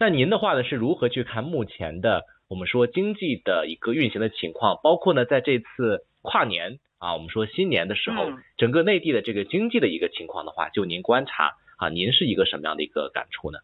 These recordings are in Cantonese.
那您的話呢，是如何去看目前的我們說經濟的一個運行的情況？包括呢，在這次跨年啊，我們說新年的時候，嗯，整個內地的這個經濟的一個情況的話，就您觀察啊，您是一個什麼樣的一個感觸呢？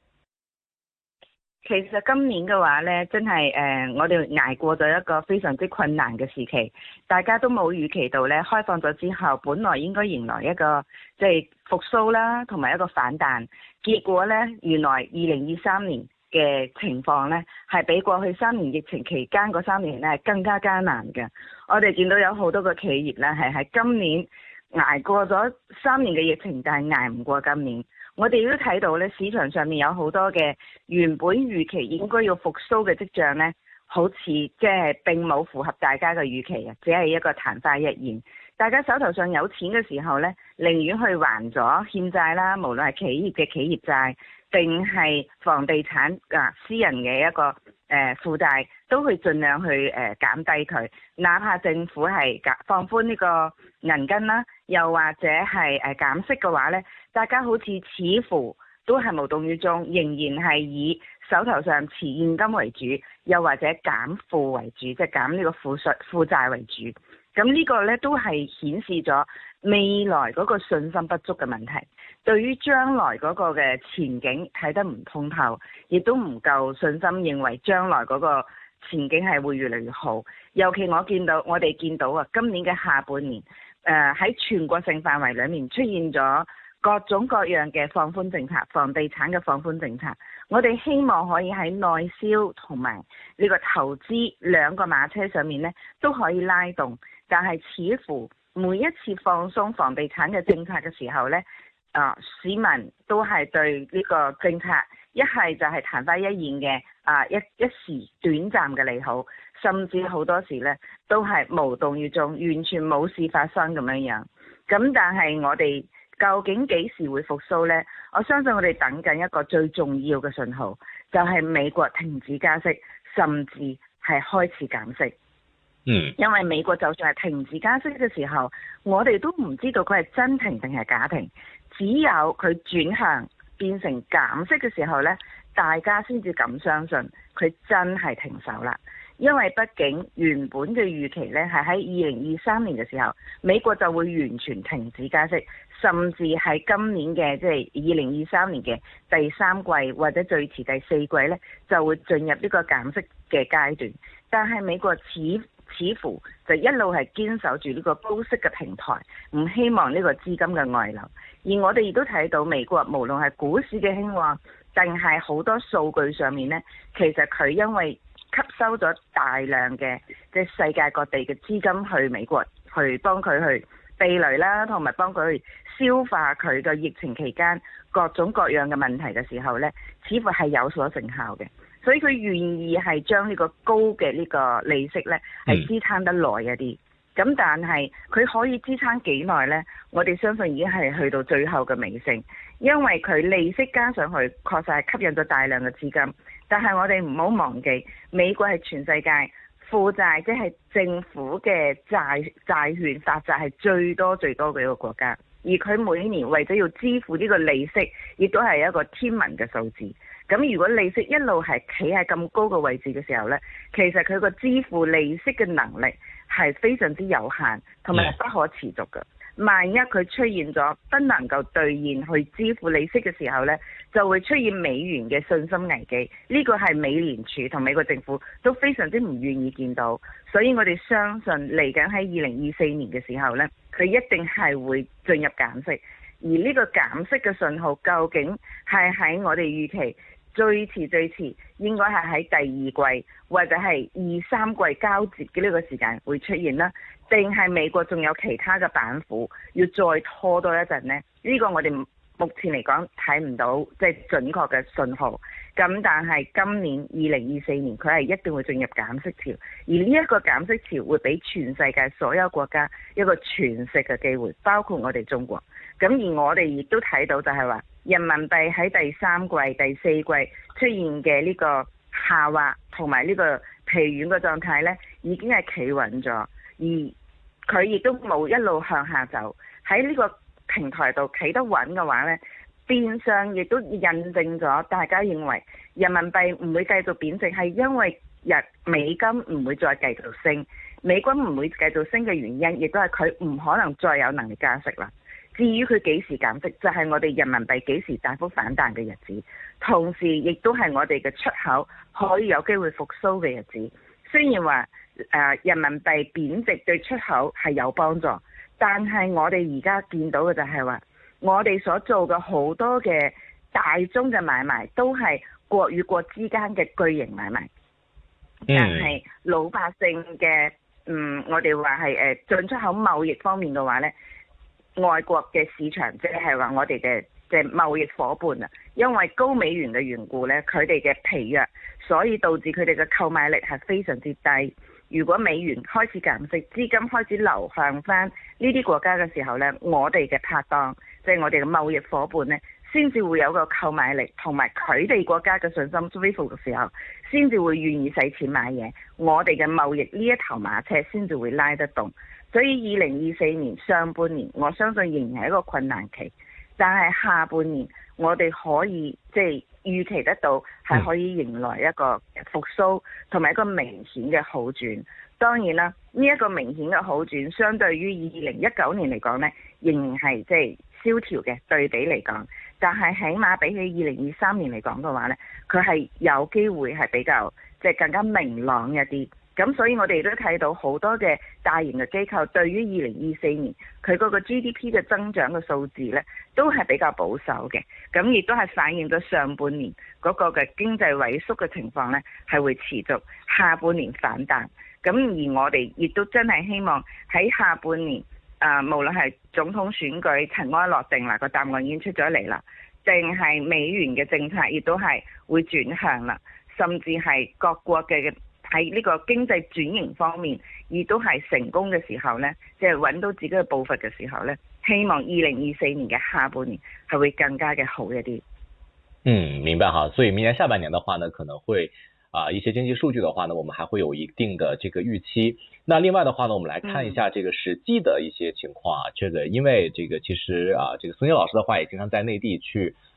其實今年嘅話呢，真係誒，呃，我哋挨過咗一個非常之困難嘅時期，大家都冇預期到呢，開放咗之後，本來應該迎來一個即係復蘇啦，同埋一個反彈，結果呢，原來二零二三年。嘅情況呢，係比過去三年疫情期間嗰三年呢更加艱難嘅。我哋見到有好多個企業呢，係喺今年捱過咗三年嘅疫情，但係捱唔過今年。我哋都睇到呢，市場上面有好多嘅原本預期應該要復甦嘅跡象呢，好似即係並冇符合大家嘅預期啊，只係一個曇花一現。大家手頭上有錢嘅時候呢，寧願去還咗欠債啦，無論係企業嘅企業債。定係房地產啊，私人嘅一個誒負債，都去盡量去誒減低佢。哪怕政府係減放寬呢個銀根啦，又或者係誒減息嘅話呢，大家好似似乎都係無動於衷，仍然係以手頭上持現金為主，又或者減負為主，即係減呢個負數負債為主。咁呢個呢都係顯示咗。未來嗰個信心不足嘅問題，對於將來嗰個嘅前景睇得唔通透，亦都唔夠信心認為將來嗰個前景係會越嚟越好。尤其我見到我哋見到啊，今年嘅下半年，誒、呃、喺全國性範圍裏面出現咗各種各樣嘅放寬政策，房地產嘅放寬政策。我哋希望可以喺內銷同埋呢個投資兩個馬車上面呢，都可以拉動，但係似乎。每一次放鬆房地產嘅政策嘅時候呢，啊，市民都係對呢個政策一係就係曇花一現嘅啊，一一時短暫嘅利好，甚至好多時呢都係無動於衷，完全冇事發生咁樣樣。咁但係我哋究竟幾時會復甦呢？我相信我哋等緊一個最重要嘅信號，就係美國停止加息，甚至係開始減息。嗯，因為美國就算係停止加息嘅時候，我哋都唔知道佢係真停定係假停，只有佢轉向變成減息嘅時候呢，大家先至敢相信佢真係停手啦。因為畢竟原本嘅預期咧，係喺二零二三年嘅時候，美國就會完全停止加息，甚至喺今年嘅即係二零二三年嘅第三季或者最遲第四季咧，就會進入呢個減息嘅階段。但係美國似似乎就一路係堅守住呢個高息嘅平台，唔希望呢個資金嘅外流。而我哋亦都睇到美國無論係股市嘅興旺，定係好多數據上面咧，其實佢因為。吸收咗大量嘅即係世界各地嘅資金去美國去幫佢去避雷啦，同埋幫佢去消化佢嘅疫情期間各種各樣嘅問題嘅時候咧，似乎係有所成效嘅。所以佢願意係將呢個高嘅呢個利息咧，係支撐得耐一啲。咁但係佢可以支撐幾耐咧？我哋相信已經係去到最後嘅尾聲，因為佢利息加上去確實係吸引咗大量嘅資金。但係我哋唔好忘記，美國係全世界負債，即係政府嘅債債券發債係最多最多嘅一個國家，而佢每年為咗要支付呢個利息，亦都係一個天文嘅數字。咁如果利息一路係企喺咁高嘅位置嘅時候呢，其實佢個支付利息嘅能力係非常之有限，同埋不可持續嘅。萬一佢出現咗不能夠兌現去支付利息嘅時候呢。就會出現美元嘅信心危機，呢個係美聯儲同美國政府都非常之唔願意見到，所以我哋相信嚟緊喺二零二四年嘅時候呢，佢一定係會進入減息，而呢個減息嘅信號究竟係喺我哋預期最遲最遲應該係喺第二季或者係二三季交接嘅呢個時間會出現啦，定係美國仲有其他嘅板斧要再拖多一陣呢？呢個我哋唔。目前嚟講睇唔到即係、就是、準確嘅信號，咁但係今年二零二四年佢係一定會進入減息潮，而呢一個減息潮會俾全世界所有國家一個喘息嘅機會，包括我哋中國。咁而我哋亦都睇到就係話人民幣喺第三季、第四季出現嘅呢個下滑同埋呢個疲軟嘅狀態呢，已經係企穩咗，而佢亦都冇一路向下走喺呢、這個。平台度企得穩嘅話，呢變相亦都印證咗大家認為人民幣唔會繼續貶值，係因為日美金唔會再繼續升，美金唔會繼續升嘅原因，亦都係佢唔可能再有能力加息啦。至於佢幾時減息，就係、是、我哋人民幣幾時大幅反彈嘅日子，同時亦都係我哋嘅出口可以有機會復甦嘅日子。雖然話誒、呃、人民幣貶值對出口係有幫助。但係我哋而家見到嘅就係話，我哋所做嘅好多嘅大宗嘅買賣都係國與國之間嘅巨型買賣，但係老百姓嘅，嗯，我哋話係誒進出口貿易方面嘅話呢，外國嘅市場，即係話我哋嘅即係貿易伙伴啊，因為高美元嘅緣故呢，佢哋嘅疲弱，所以導致佢哋嘅購買力係非常之低。如果美元開始減息，資金開始流向翻呢啲國家嘅時候呢，我哋嘅拍檔，即係我哋嘅貿易夥伴呢，先至會有個購買力，同埋佢哋國家嘅信心恢復嘅時候，先至會願意使錢買嘢，我哋嘅貿易呢一頭馬車先至會拉得動。所以二零二四年上半年，我相信仍然係一個困難期，但係下半年我哋可以即係、就是預期得到係可以迎來一個復甦，同埋一個明顯嘅好轉。當然啦，呢、這、一個明顯嘅好轉，相對於二零一九年嚟講呢，仍然係即係蕭條嘅對比嚟講。但係起碼比起二零二三年嚟講嘅話呢，佢係有機會係比較即係、就是、更加明朗一啲。咁所以我哋都睇到好多嘅大型嘅機構對於二零二四年佢嗰個 GDP 嘅增長嘅數字咧，都係比較保守嘅。咁亦都係反映咗上半年嗰個嘅經濟萎縮嘅情況咧，係會持續下半年反彈，咁而我哋亦都真係希望喺下半年，誒、啊、無論係總統選舉塵埃落定啦，個答案已經出咗嚟啦，定係美元嘅政策亦都係會轉向啦，甚至係各國嘅。喺呢個經濟轉型方面，亦都係成功嘅時候呢，即係揾到自己嘅步伐嘅時候呢，希望二零二四年嘅下半年係會更加嘅好一啲。嗯，明白哈，所以明年下半年嘅話呢，可能會啊、呃、一些經濟數據嘅話呢，我們還會有一定的這個預期。那另外嘅話呢，我們來看一下這個實際的一些情況啊。這個、嗯、因為這個其實啊，這個蘇菁老師嘅話也經常在內地去。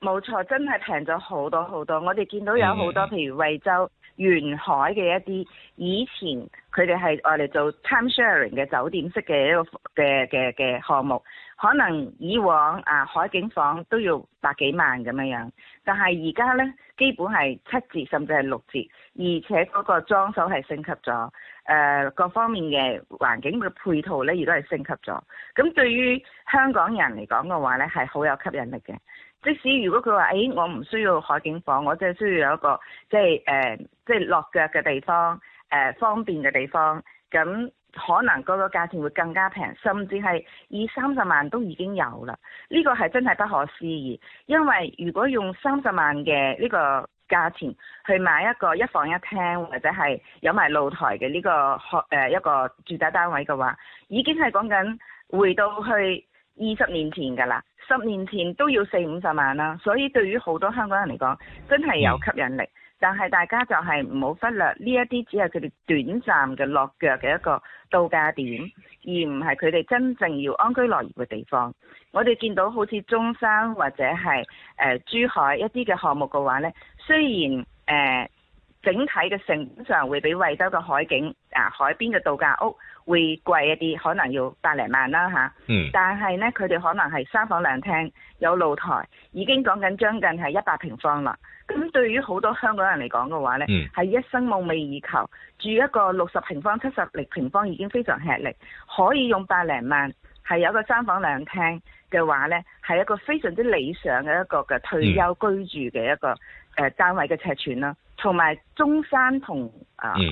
冇錯，真係平咗好多好多。我哋見到有好多，譬如惠州沿海嘅一啲，以前佢哋係用嚟做 time sharing 嘅酒店式嘅一個嘅嘅嘅項目，可能以往啊海景房都要百幾萬咁樣樣，但係而家呢，基本係七折甚至係六折，而且嗰個裝修係升級咗，誒、呃、各方面嘅環境嘅配套呢，亦都係升級咗。咁對於香港人嚟講嘅話呢，係好有吸引力嘅。即使如果佢話，誒、欸，我唔需要海景房，我即係需要有一個即係誒，即係落、呃、腳嘅地方，誒、呃，方便嘅地方，咁可能嗰個價錢會更加平，甚至係以三十萬都已經有啦。呢、這個係真係不可思議，因為如果用三十萬嘅呢個價錢去買一個一房一廳或者係有埋露台嘅呢個，一個住宅單位嘅話，已經係講緊回到去二十年前㗎喇，十年前都要四五十萬啦，所以對於好多香港人嚟講，真係有吸引力。嗯、但係大家就係唔好忽略呢一啲，只係佢哋短暫嘅落腳嘅一個度假點，而唔係佢哋真正要安居樂業嘅地方。我哋見到好似中山或者係、呃、珠海一啲嘅項目嘅話呢，雖然、呃整體嘅成本上會比惠州嘅海景啊、海邊嘅度假屋會貴一啲，可能要百零萬啦吓。嗯。但係呢，佢哋可能係三房兩廳，有露台，已經講緊將近係一百平方啦。咁對於好多香港人嚟講嘅話呢，嗯，係一生夢寐以求住一個六十平方、七十零平方已經非常吃力，可以用百零萬係有一個三房兩廳嘅話呢，係一個非常之理想嘅一個嘅退休居住嘅一個誒單位嘅尺寸啦。嗯嗯同埋中山同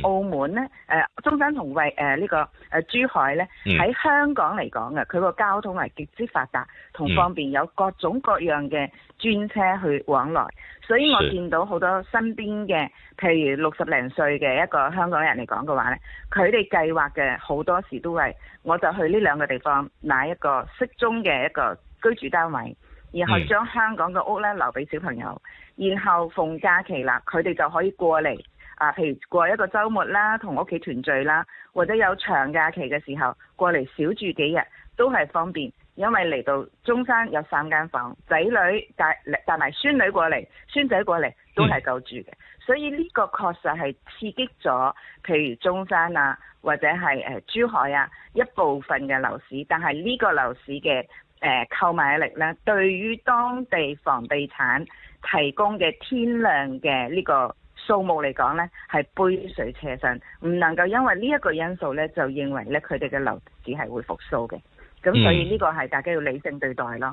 澳門咧，嗯、中山同為誒呢個誒珠海咧，喺、嗯、香港嚟講嘅，佢個交通係極之發達，同方便，有各種各樣嘅專車去往來。所以我見到好多身邊嘅，是譬如六十零歲嘅一個香港人嚟講嘅話咧，佢哋計劃嘅好多時都係，我就去呢兩個地方買一個適中嘅一個居住單位，然後將香港嘅屋咧留俾小朋友。然後逢假期啦，佢哋就可以過嚟啊！譬如過一個週末啦，同屋企團聚啦，或者有長假期嘅時候過嚟小住幾日都係方便，因為嚟到中山有三間房，仔女帶帶埋孫女過嚟，孫仔過嚟都係夠住嘅。嗯、所以呢個確實係刺激咗，譬如中山啊，或者係誒珠海啊，一部分嘅樓市。但係呢個樓市嘅誒購買力呢，對於當地房地產提供嘅天量嘅呢個數目嚟講咧，係杯水車薪，唔能夠因為呢一個因素咧，就認為咧，佢哋嘅樓市係會復蘇嘅，咁所以呢個係大家要理性對待咯。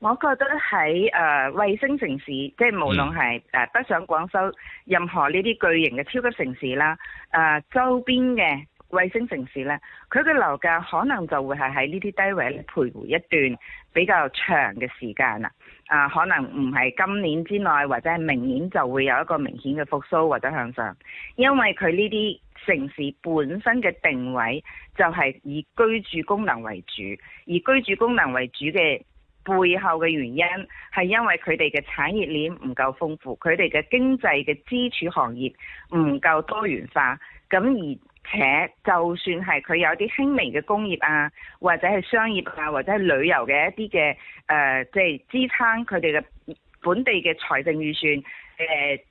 我覺得喺誒、呃、衛星城市，即係無論係誒北上廣州任何呢啲巨型嘅超級城市啦，誒、呃、周邊嘅衛星城市呢，佢嘅樓價可能就會係喺呢啲低位徘徊一段比較長嘅時間啦。啊、呃，可能唔係今年之內或者係明年就會有一個明顯嘅復甦或者向上，因為佢呢啲城市本身嘅定位就係以居住功能為主，而居住功能為主嘅。背後嘅原因係因為佢哋嘅產業鏈唔夠豐富，佢哋嘅經濟嘅支柱行業唔夠多元化，咁而且就算係佢有啲輕微嘅工業啊，或者係商業啊，或者係旅遊嘅一啲嘅誒，即係，呃，就係支撐佢哋嘅本地嘅財政預算。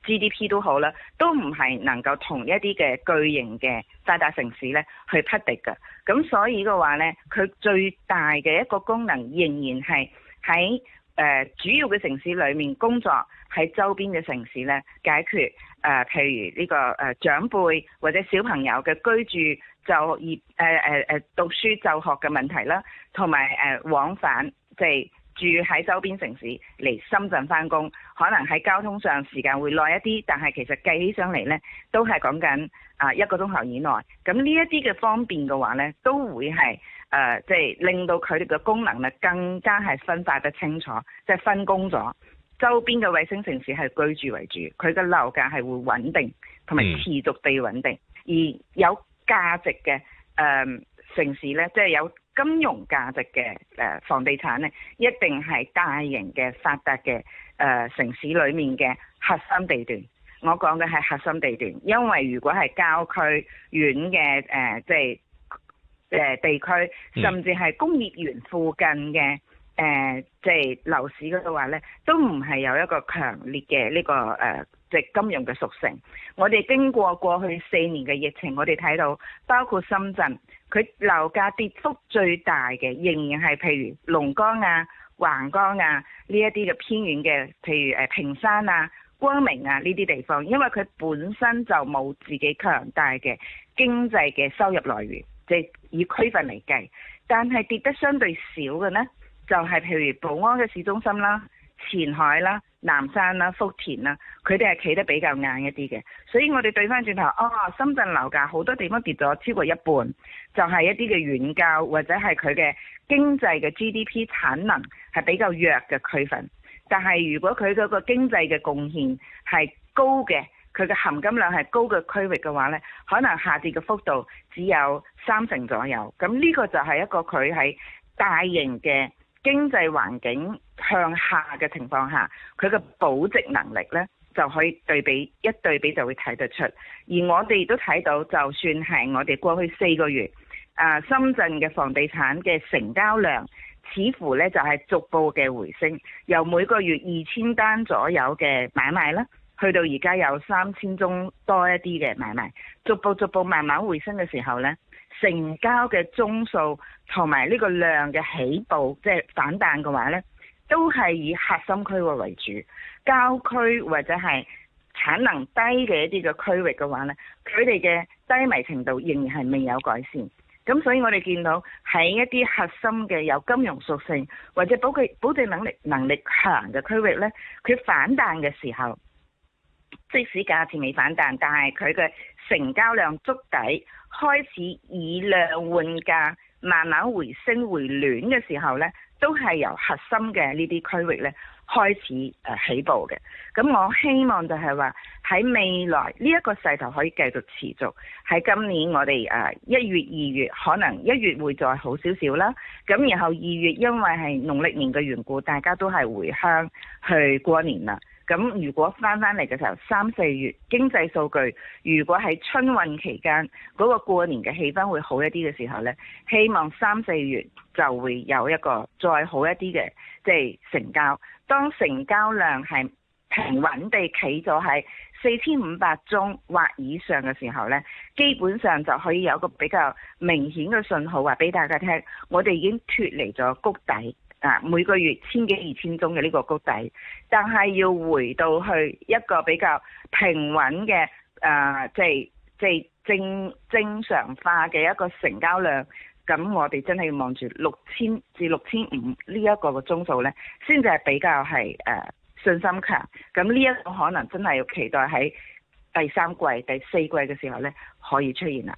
誒 GDP 都好啦，都唔係能夠同一啲嘅巨型嘅發達城市咧去匹敵㗎。咁所以嘅話咧，佢最大嘅一個功能仍然係喺誒主要嘅城市裏面工作，喺周邊嘅城市咧解決誒、呃、譬如呢、呢個誒、呃、長輩或者小朋友嘅居住就業誒誒誒讀書就學嘅問題啦，同埋誒往返即係。就是住喺周邊城市嚟深圳返工，可能喺交通上時間會耐一啲，但係其實計起上嚟呢，都係講緊啊一個鐘頭以內。咁呢一啲嘅方便嘅話呢，都會係誒，即、呃、係、就是、令到佢哋嘅功能咧更加係分化得清楚，即、就、係、是、分工咗。周邊嘅衛星城市係居住為主，佢嘅樓價係會穩定，同埋持續地穩定。而有價值嘅誒、呃、城市呢，即、就、係、是、有。金融價值嘅誒房地產咧，一定係大型嘅發達嘅誒城市裡面嘅核心地段。我講嘅係核心地段，因為如果係郊區縣嘅誒，即係誒地區，甚至係工業園附近嘅誒，即係樓市嗰度話咧，都唔係有一個強烈嘅呢個誒。即金融嘅屬性，我哋經過過去四年嘅疫情，我哋睇到包括深圳，佢樓價跌幅最大嘅，仍然係譬如龍崗啊、橫崗啊呢一啲嘅偏遠嘅，譬如坪山啊、光明啊呢啲地方，因為佢本身就冇自己強大嘅經濟嘅收入來源，即、就係、以區份嚟計。但係跌得相對少嘅呢，就係、係、譬如寶安嘅市中心啦、啊、前海啦、啊。南山啦、啊、福田啦、啊，佢哋係企得比較硬一啲嘅，所以我哋對翻轉頭，哦，深圳樓價好多地方跌咗超過一半，就係、是、一啲嘅遠郊或者係佢嘅經濟嘅 GDP 產能係比較弱嘅區份。但係如果佢嗰個經濟嘅貢獻係高嘅，佢嘅含金量係高嘅區域嘅話呢，可能下跌嘅幅度只有三成左右。咁呢個就係一個佢喺大型嘅經濟環境向下嘅情況下，佢嘅保值能力呢，就可以對比，一對比就會睇得出。而我哋亦都睇到，就算係我哋過去四個月，誒深圳嘅房地產嘅成交量，似乎呢就係逐步嘅回升，由每個月二千單左右嘅買賣啦，去到而家有三千宗多一啲嘅買賣，逐步逐步慢慢回升嘅時候呢。成交嘅宗數同埋呢個量嘅起步即係、就是，反彈嘅話呢，都係以核心區為主，郊區或者係產能低嘅一啲嘅區域嘅話呢，佢哋嘅低迷程度仍然係未有改善。咁所以我哋見到喺一啲核心嘅有金融屬性或者保佢保值能力能力強嘅區域呢，佢反彈嘅時候。即使價錢未反彈，但係佢嘅成交量築底，開始以量換價，慢慢回升回暖嘅時候呢，都係由核心嘅呢啲區域呢開始起步嘅。咁我希望就係話喺未來呢一個勢頭可以繼續持續。喺今年我哋誒一月二月，可能一月會再好少少啦。咁然後二月因為係農曆年嘅緣故，大家都係回鄉去過年啦。咁如果翻翻嚟嘅時候三四月經濟數據，如果喺春運期間嗰個過年嘅氣氛會好一啲嘅時候呢，希望三四月就會有一個再好一啲嘅即係成交。當成交量係平穩地企咗喺四千五百宗或以上嘅時候呢，基本上就可以有個比較明顯嘅信號話俾大家聽，我哋已經脱離咗谷底。啊，每個月千幾二千宗嘅呢個谷底，但係要回到去一個比較平穩嘅，誒、呃，即係即係正正常化嘅一個成交量，咁我哋真係要望住六千至六千五呢一個嘅宗數呢，先至係比較係誒、呃、信心強，咁呢一個可能真係要期待喺第三季、第四季嘅時候呢，可以出現啦。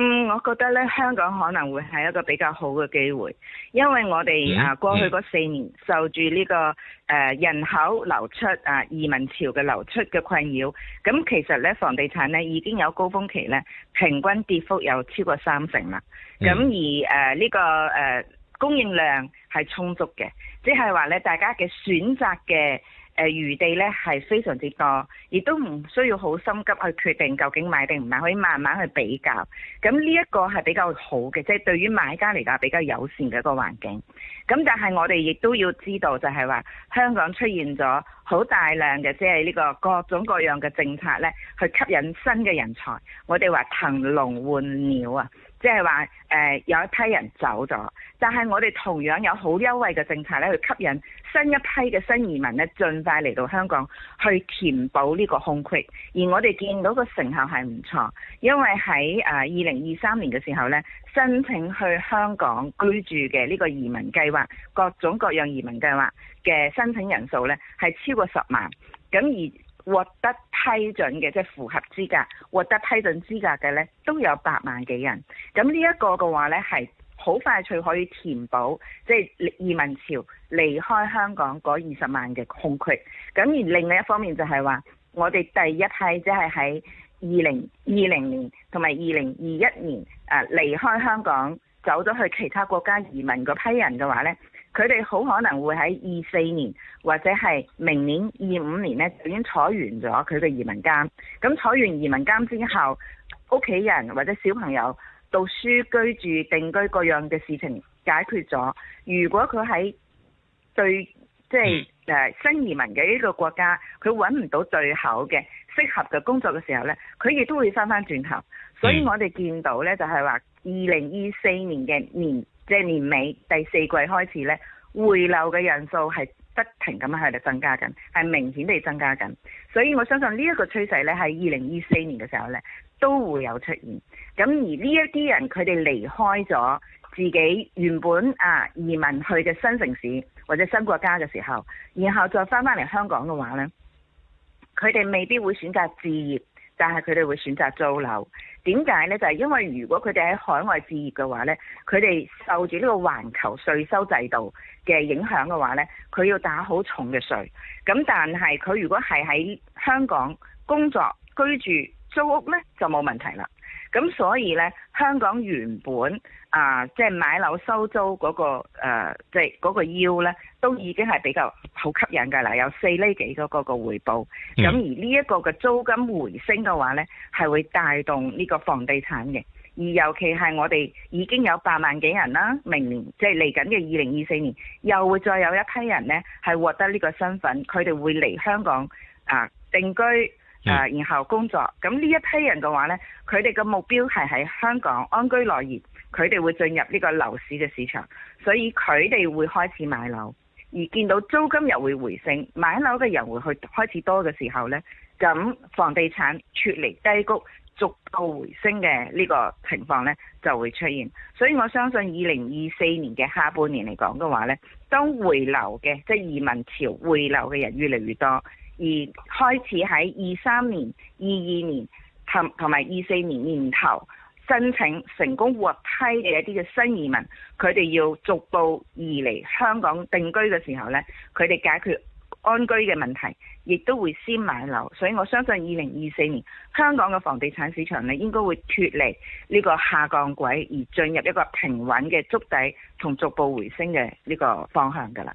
嗯，我覺得咧，香港可能會係一個比較好嘅機會，因為我哋啊過去嗰四年受住呢、這個、呃、人口流出啊、呃、移民潮嘅流出嘅困擾，咁、嗯、其實咧，房地產咧已經有高峰期咧，平均跌幅有超過三成啦。咁、嗯嗯、而誒呢、呃這個、呃、供應量係充足嘅，即係話咧大家嘅選擇嘅。誒餘地咧係非常之多，亦都唔需要好心急去決定究竟買定唔買，可以慢慢去比較。咁呢一個係比較好嘅，即係對於買家嚟講比較友善嘅一個環境。咁但係我哋亦都要知道就，就係話香港出現咗好大量嘅即係呢個各種各樣嘅政策咧，去吸引新嘅人才。我哋話騰籠換鳥啊！即係話誒有一批人走咗，但係我哋同樣有好優惠嘅政策咧，去吸引新一批嘅新移民咧，盡快嚟到香港去填補呢個空隙。而我哋見到個成效係唔錯，因為喺誒二零二三年嘅時候咧，申請去香港居住嘅呢個移民計劃，各種各樣移民計劃嘅申請人數咧係超過十萬，咁而。獲得批准嘅即係符合資格，獲得批准資格嘅呢都有八萬幾人。咁呢一個嘅話呢，係好快脆可以填補，即係移民潮離開香港嗰二十萬嘅空缺。咁而另外一方面就係話，我哋第一批即係喺二零二零年同埋二零二一年誒離開香港走咗去其他國家移民嗰批人嘅話呢。佢哋好可能會喺二四年或者係明年二五年呢，已經坐完咗佢嘅移民監。咁坐完移民監之後，屋企人或者小朋友讀書、居住、定居各樣嘅事情解決咗。如果佢喺對即係誒新移民嘅呢個國家，佢揾唔到對口嘅適合嘅工作嘅時候呢，佢亦都會翻翻轉頭。所以我哋見到呢，就係話二零二四年嘅年。即係年尾第四季開始呢，回流嘅人數係不停咁喺度增加緊，係明顯地增加緊。所以我相信呢一個趨勢呢，喺二零二四年嘅時候呢，都會有出現。咁而呢一啲人，佢哋離開咗自己原本啊移民去嘅新城市或者新國家嘅時候，然後再翻翻嚟香港嘅話呢，佢哋未必會選擇置業。但係佢哋會選擇租樓，點解呢？就係因為如果佢哋喺海外置業嘅話呢，佢哋受住呢個環球稅收制度嘅影響嘅話呢，佢要打好重嘅稅。咁但係佢如果係喺香港工作居住租屋呢，就冇問題啦。咁所以咧，香港原本啊，即、呃、係、就是、買樓收租嗰、那個誒，即係嗰個腰咧，都已經係比較好吸引㗎啦，有四厘幾個個個回報。咁、嗯、而呢一個嘅租金回升嘅話咧，係會帶動呢個房地產嘅。而尤其係我哋已經有八萬幾人啦，明年即係嚟緊嘅二零二四年，又會再有一批人咧係獲得呢個身份，佢哋會嚟香港啊、呃、定居。誒，然後工作，咁呢一批人嘅話呢，佢哋嘅目標係喺香港安居樂業，佢哋會進入呢個樓市嘅市場，所以佢哋會開始買樓，而見到租金又會回升，買樓嘅人會去開始多嘅時候呢，咁房地產脱離低谷，逐步回升嘅呢個情況呢就會出現，所以我相信二零二四年嘅下半年嚟講嘅話呢，當回流嘅即係移民潮回流嘅人越嚟越多。而開始喺二三年、二二年同同埋二四年年頭申請成功獲批嘅一啲嘅新移民，佢哋要逐步移嚟香港定居嘅時候呢，佢哋解決安居嘅問題，亦都會先買樓，所以我相信二零二四年香港嘅房地產市場咧應該會脱離呢個下降軌，而進入一個平穩嘅築底同逐步回升嘅呢個方向㗎啦。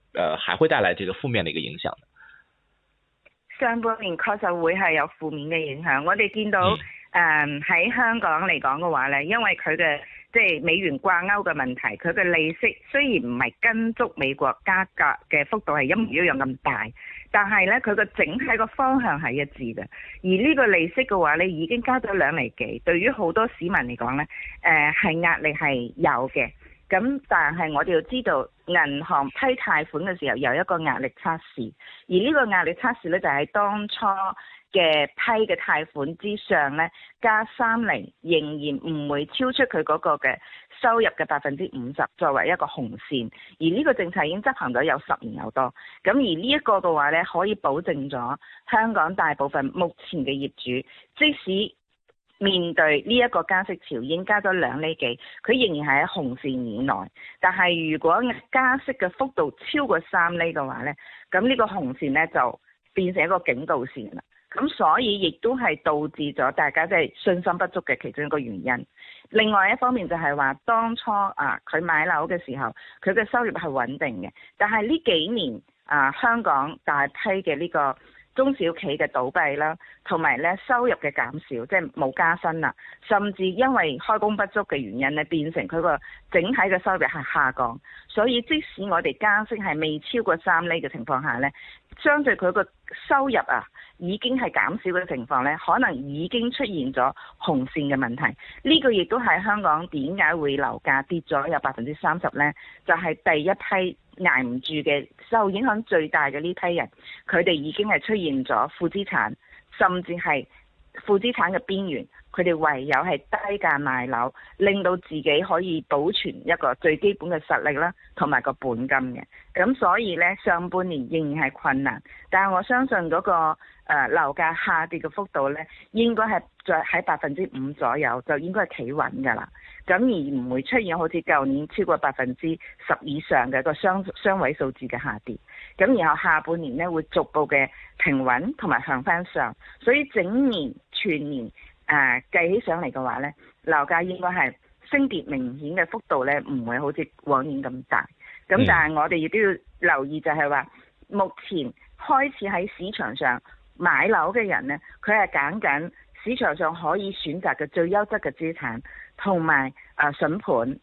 呃，還會帶來這個負面的一個影響。上半年確實會係有負面嘅影響。我哋見到誒喺、嗯呃、香港嚟講嘅話咧，因為佢嘅即係美元掛鈎嘅問題，佢嘅利息雖然唔係跟足美國加價嘅幅度係一模一樣咁大，但係咧佢個整體個方向係一致嘅。而呢個利息嘅話咧，已經加咗兩厘幾，對於好多市民嚟講咧，誒係壓力係有嘅。咁但係我哋要知道，銀行批貸款嘅時候有一個壓力測試，而呢個壓力測試咧就喺當初嘅批嘅貸款之上咧加三厘，仍然唔會超出佢嗰個嘅收入嘅百分之五十作為一個紅線，而呢個政策已經執行咗有十年有多，咁而呢一個嘅話咧可以保證咗香港大部分目前嘅業主，即使面對呢一個加息潮已經加咗兩厘幾，佢仍然係喺紅線以內。但係如果加息嘅幅度超過三厘嘅話呢，咁呢個紅線呢就變成一個警告線啦。咁所以亦都係導致咗大家即係信心不足嘅其中一個原因。另外一方面就係話，當初啊佢買樓嘅時候，佢嘅收入係穩定嘅，但係呢幾年啊香港大批嘅呢個。中小企嘅倒閉啦，同埋咧收入嘅減少，即係冇加薪啦，甚至因為開工不足嘅原因咧，變成佢個整體嘅收入係下降。所以即使我哋加息係未超過三厘嘅情況下咧，相對佢個收入啊已經係減少嘅情況咧，可能已經出現咗紅線嘅問題。呢個亦都係香港點解會樓價跌咗有百分之三十咧，就係第一批捱唔住嘅。就影響最大嘅呢批人，佢哋已經係出現咗負資產，甚至係負資產嘅邊緣。佢哋唯有係低價賣樓，令到自己可以保存一個最基本嘅實力啦，同埋個本金嘅。咁所以呢，上半年仍然係困難，但係我相信嗰個誒樓價下跌嘅幅度呢，應該係在喺百分之五左右，就應該係企穩㗎啦。咁而唔會出現好似舊年超過百分之十以上嘅個雙雙位數字嘅下跌。咁然後下半年呢，會逐步嘅平穩同埋行返上，所以整年全年。啊，計起上嚟嘅話呢，樓價應該係升跌明顯嘅幅度呢，唔會好似往年咁大。咁、嗯、但係我哋亦都要留意就係，就係話目前開始喺市場上買樓嘅人呢，佢係揀緊市場上可以選擇嘅最優質嘅資產，同埋啊筍盤，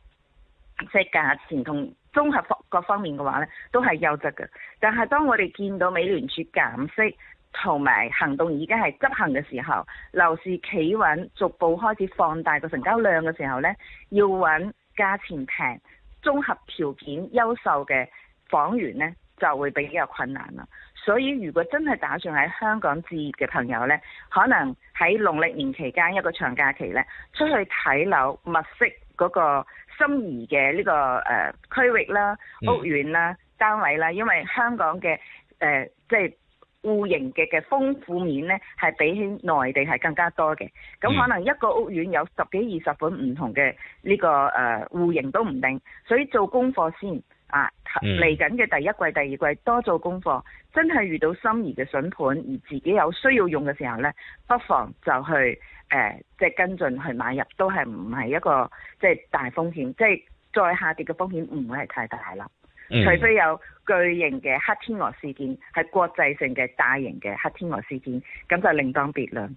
即係價錢同綜合各方面嘅話呢都係優質嘅。但係當我哋見到美聯儲減息。同埋行動已經係執行嘅時候，樓市企穩，逐步開始放大個成交量嘅時候呢，要揾價錢平、綜合條件優秀嘅房源呢，就會比較困難啦。所以如果真係打算喺香港置業嘅朋友呢，可能喺農曆年期間一個長假期呢，出去睇樓、物色嗰個心儀嘅呢個誒、呃、區域啦、屋苑啦、單位啦，因為香港嘅誒、呃、即係。戶型嘅嘅豐富面咧，係比起內地係更加多嘅。咁可能一個屋苑有十幾二十款唔同嘅呢個誒戶型都唔定，所以做功課先啊。嚟緊嘅第一季、第二季多做功課，真係遇到心儀嘅筍盤，而自己有需要用嘅時候咧，不妨就去誒、呃、即係跟進去買入，都係唔係一個即係大風險，即係再下跌嘅風險唔會係太大啦。除非有。巨型嘅黑天鵝事件，係國際性嘅大型嘅黑天鵝事件，咁就另當別論。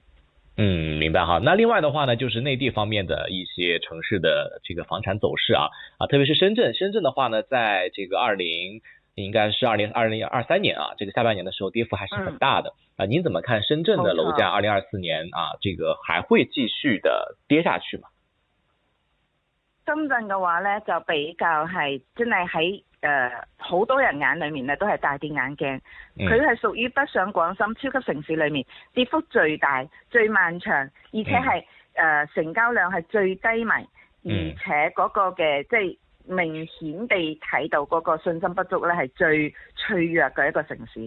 嗯，明白哈。那另外的話呢，就是內地方面的一些城市的這個房產走勢啊，啊，特別是深圳，深圳的話呢，在這個二零應該是二零二零二三年啊，這個下半年的時候跌幅還是很大的，嗯，啊。您怎麼看深圳的樓價二零二四年啊，嗯，這個還會繼續的跌下去嗎？深圳嘅話呢，就比較係真係喺誒好多人眼裏面咧，都係大跌眼鏡。佢係屬於北上廣深超級城市裏面跌幅最大、最漫長，而且係誒、嗯呃、成交量係最低迷，而且嗰個嘅即係明顯地睇到嗰個信心不足呢，係最脆弱嘅一個城市。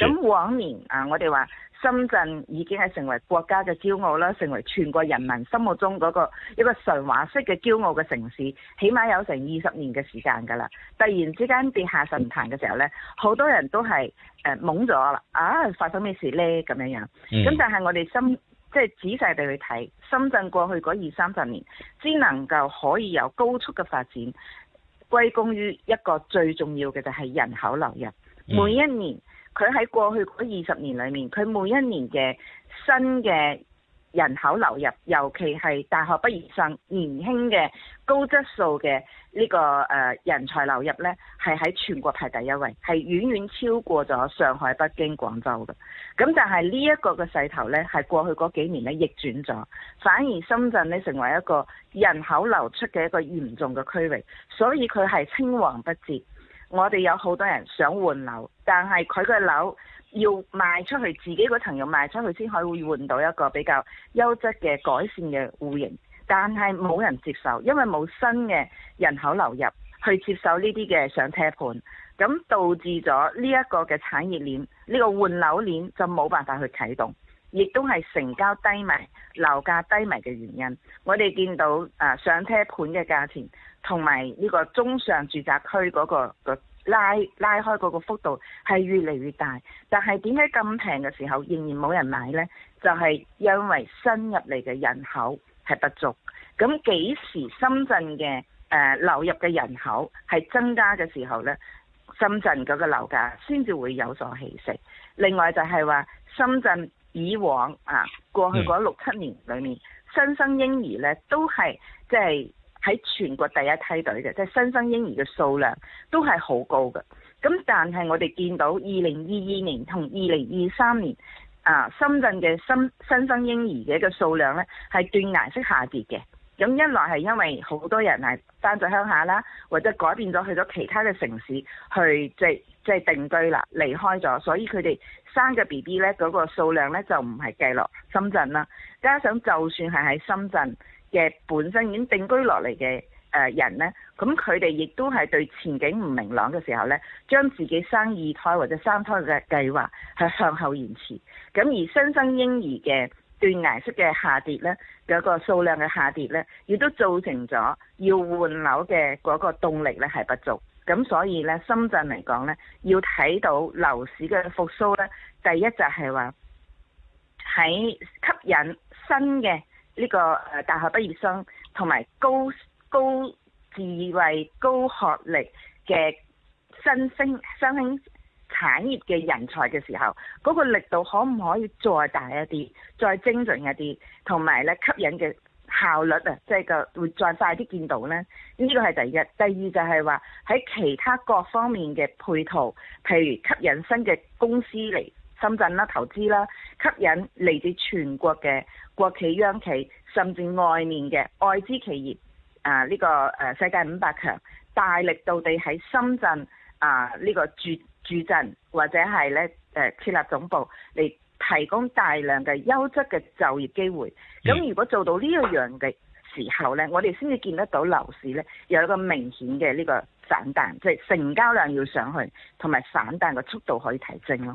咁是往年啊、呃，我哋話。深圳已經係成為國家嘅驕傲啦，成為全國人民心目中嗰個一個神話式嘅驕傲嘅城市，起碼有成二十年嘅時間㗎啦。突然之間跌下神壇嘅時候呢，好多人都係誒懵咗啦。「啊，發生咩事呢？」咁樣樣。嗯。咁但係我哋深即係、就是、仔細地去睇深圳過去嗰二三十年，先能夠可以有高速嘅發展，歸功於一個最重要嘅就係人口流入，每一年。嗯。佢喺過去嗰二十年裏面，佢每一年嘅新嘅人口流入，尤其係大學畢業生、年輕嘅高質素嘅呢個誒人才流入呢，係喺全國排第一位，係遠遠超過咗上海、北京、廣州嘅。咁但係呢一個嘅勢頭呢，係過去嗰幾年呢逆轉咗，反而深圳呢成為一個人口流出嘅一個嚴重嘅區域，所以佢係青黃不接。我哋有好多人想換樓，但係佢個樓要賣出去，自己嗰層要賣出去先可以換到一個比較優質嘅改善嘅戶型，但係冇人接受，因為冇新嘅人口流入去接受呢啲嘅上車盤，咁導致咗呢一個嘅產業鏈，呢個換樓鏈就冇辦法去啟動，亦都係成交低迷、樓價低迷嘅原因。我哋見到啊上車盤嘅價錢，同埋呢個中上住宅區嗰個拉拉開嗰個幅度係越嚟越大，但係點解咁平嘅時候仍然冇人買呢？就係、是，因為新入嚟嘅人口係不足。咁幾時深圳嘅誒、呃、流入嘅人口係增加嘅時候呢，深圳嗰個樓價先至會有所起色。另外就係話深圳以往啊過去嗰六七年裏面，嗯、新生嬰兒呢都係即係。就是喺全國第一梯隊嘅，即係新生嬰兒嘅數量都係好高嘅。咁但係我哋見到二零二二年同二零二三年啊，深圳嘅新新生嬰兒嘅一個數量咧係斷崖式下跌嘅。咁一來係因為好多人係翻咗鄉下啦，或者改變咗去咗其他嘅城市去即即係定居啦，離開咗，所以佢哋生嘅 B B 咧嗰個數量咧就唔係計落深圳啦。加上就算係喺深圳，嘅本身已經定居落嚟嘅誒人呢，咁佢哋亦都係對前景唔明朗嘅時候呢，將自己生二胎或者三胎嘅計劃係向後延遲。咁而新生嬰兒嘅斷崖式嘅下跌呢，嗰個數量嘅下跌呢，亦都造成咗要換樓嘅嗰個動力呢係不足。咁所以呢，深圳嚟講呢，要睇到樓市嘅復甦呢，第一就係話喺吸引新嘅呢個誒大學畢業生同埋高高智慧、高學歷嘅新升新興產業嘅人才嘅時候，嗰、那個力度可唔可以再大一啲、再精準一啲，同埋咧吸引嘅效率啊，即係個會再快啲見到咧。呢個係第一，第二就係話喺其他各方面嘅配套，譬如吸引新嘅公司嚟。深圳啦，投資啦，吸引嚟自全國嘅國企、央企，甚至外面嘅外資企業，啊呢、這個誒、啊、世界五百強，大力度地喺深圳啊呢、這個駐駐鎮或者係咧誒設立總部，嚟提供大量嘅優質嘅就業機會。咁如果做到呢一樣嘅時候咧，我哋先至見得到樓市咧有一個明顯嘅呢個散彈，即、就、係、是、成交量要上去，同埋散彈嘅速度可以提升咯。